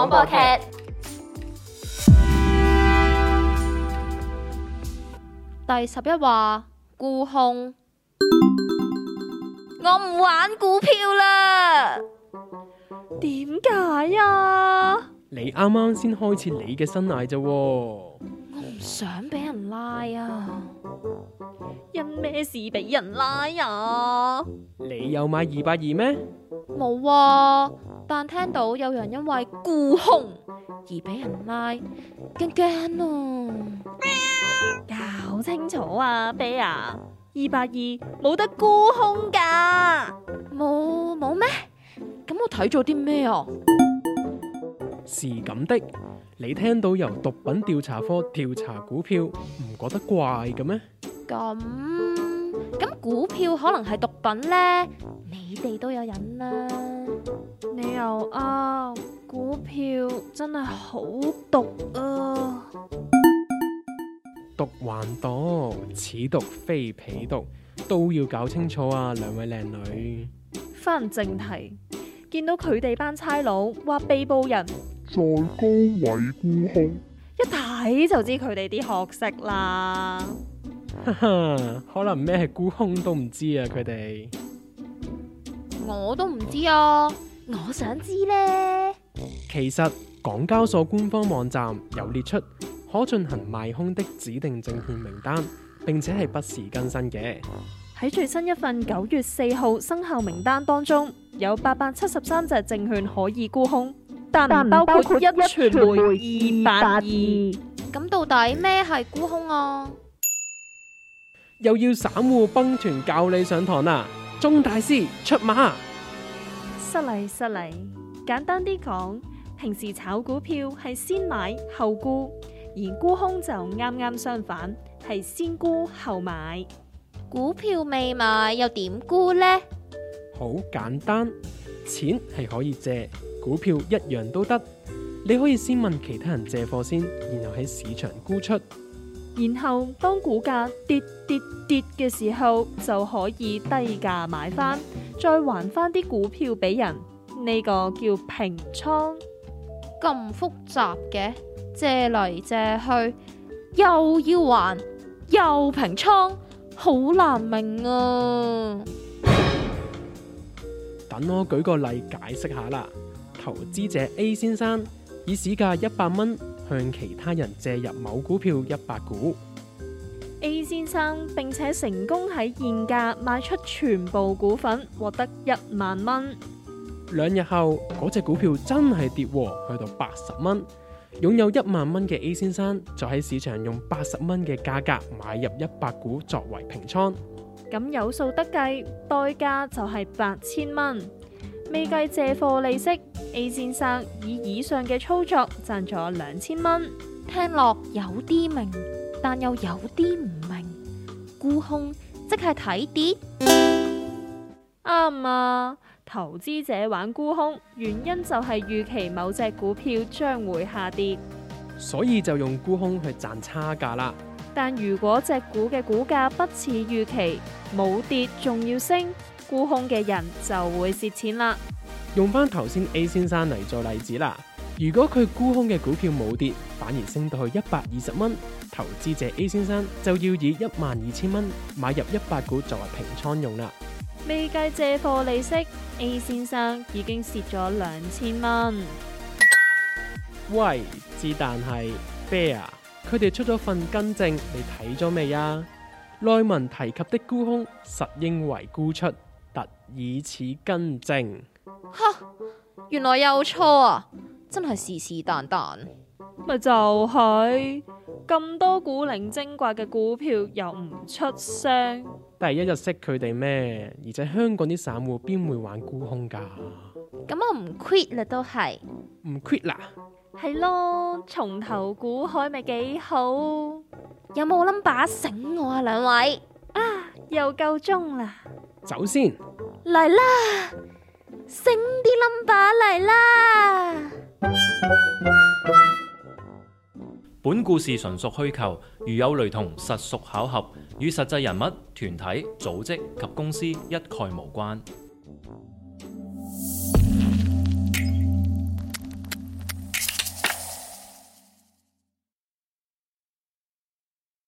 廣播劇第十一話，沽空，我唔玩股票啦，點解 啊？你啱啱先開始你嘅生涯咋，我唔想俾人拉啊，因咩事俾人拉啊？你有買二百二咩？冇啊！但聽到有人因為沽空而俾人拉，驚驚啊！搞喵清楚啊，啤牙，二百二冇得沽空噶，冇冇咩？咁我睇咗啲咩啊？是咁的，你聽到由毒品調查科調查股票，唔覺得怪嘅咩？咁咁股票可能係毒品咧？你哋都有癮啦、啊，你又啊、哦，股票真係好毒啊！毒還毒，此毒非彼毒，都要搞清楚啊！兩位靚女，翻正題，見到佢哋班差佬話被捕人，在高位沽空，一睇就知佢哋啲學識啦。呵呵，可能咩係沽空都唔知啊！佢哋。我都唔知啊，我想知呢。其實港交所官方網站有列出可進行賣空的指定證券名單，並且係不時更新嘅。喺最新一份九月四號生效名單當中，有八百七十三隻證券可以沽空，但唔包括壹傳媒、二八二。咁到底咩係沽空啊？又要散戶乓團教你上堂啦！鍾大師出馬，失禮失禮。簡單啲講，平時炒股票係先買後沽，而沽空就啱啱相反，係先沽後買。股票未買又點沽呢？好簡單，錢係可以借，股票一樣都得。你可以先問其他人借貨先，然後喺市場沽出。然後當股價跌跌跌嘅時候，就可以低價買翻，再還翻啲股票俾人，呢個叫平倉。咁複雜嘅借嚟借去，又要還，又平倉，好難明啊！等我舉個例解釋下啦。投資者 A 先生以市價一百蚊。向其他人借入某股票一百股，A 先生並且成功喺現價賣出全部股份，獲得一萬蚊。兩日後，嗰隻股票真係跌，去到八十蚊。擁有一萬蚊嘅 A 先生就喺市場用八十蚊嘅價格買入一百股作為平倉。咁有數得計，代價就係八千蚊。未計借貨利息，A 先生以以上嘅操作賺咗兩千蚊。聽落有啲明，但又有啲唔明。沽空即係睇跌，啱啊！投資者玩沽空，原因就係預期某隻股票將會下跌，所以就用沽空去賺差價啦。但如果隻股嘅股價不似預期，冇跌仲要升？沽空嘅人就會蝕錢啦。用翻頭先 A 先生嚟做例子啦，如果佢沽空嘅股票冇跌，反而升到去一百二十蚊，投資者 A 先生就要以一萬二千蚊買入一百股作為平倉用啦。未計借貨利息，A 先生已經蝕咗兩千蚊。喂，子彈係 Bear，佢哋出咗份更正，你睇咗未呀？內文提及的沽空實應為沽出。特以此更正，哈！原來又錯啊，真係是是但但，咪就係、是、咁多古靈精怪嘅股票又唔出聲，第一日識佢哋咩？而且香港啲散戶邊會玩沽空噶？咁、嗯、我唔 quit 啦，都係唔 quit 啦，係咯，重頭股海咪幾好？有冇 number 醒我啊？兩位啊，又夠鐘啦！先走先，來啦，醒啲 number 嚟啦！本故事純屬虛構，如有雷同，實屬巧合，與實際人物、團體、組織及公司一概無關。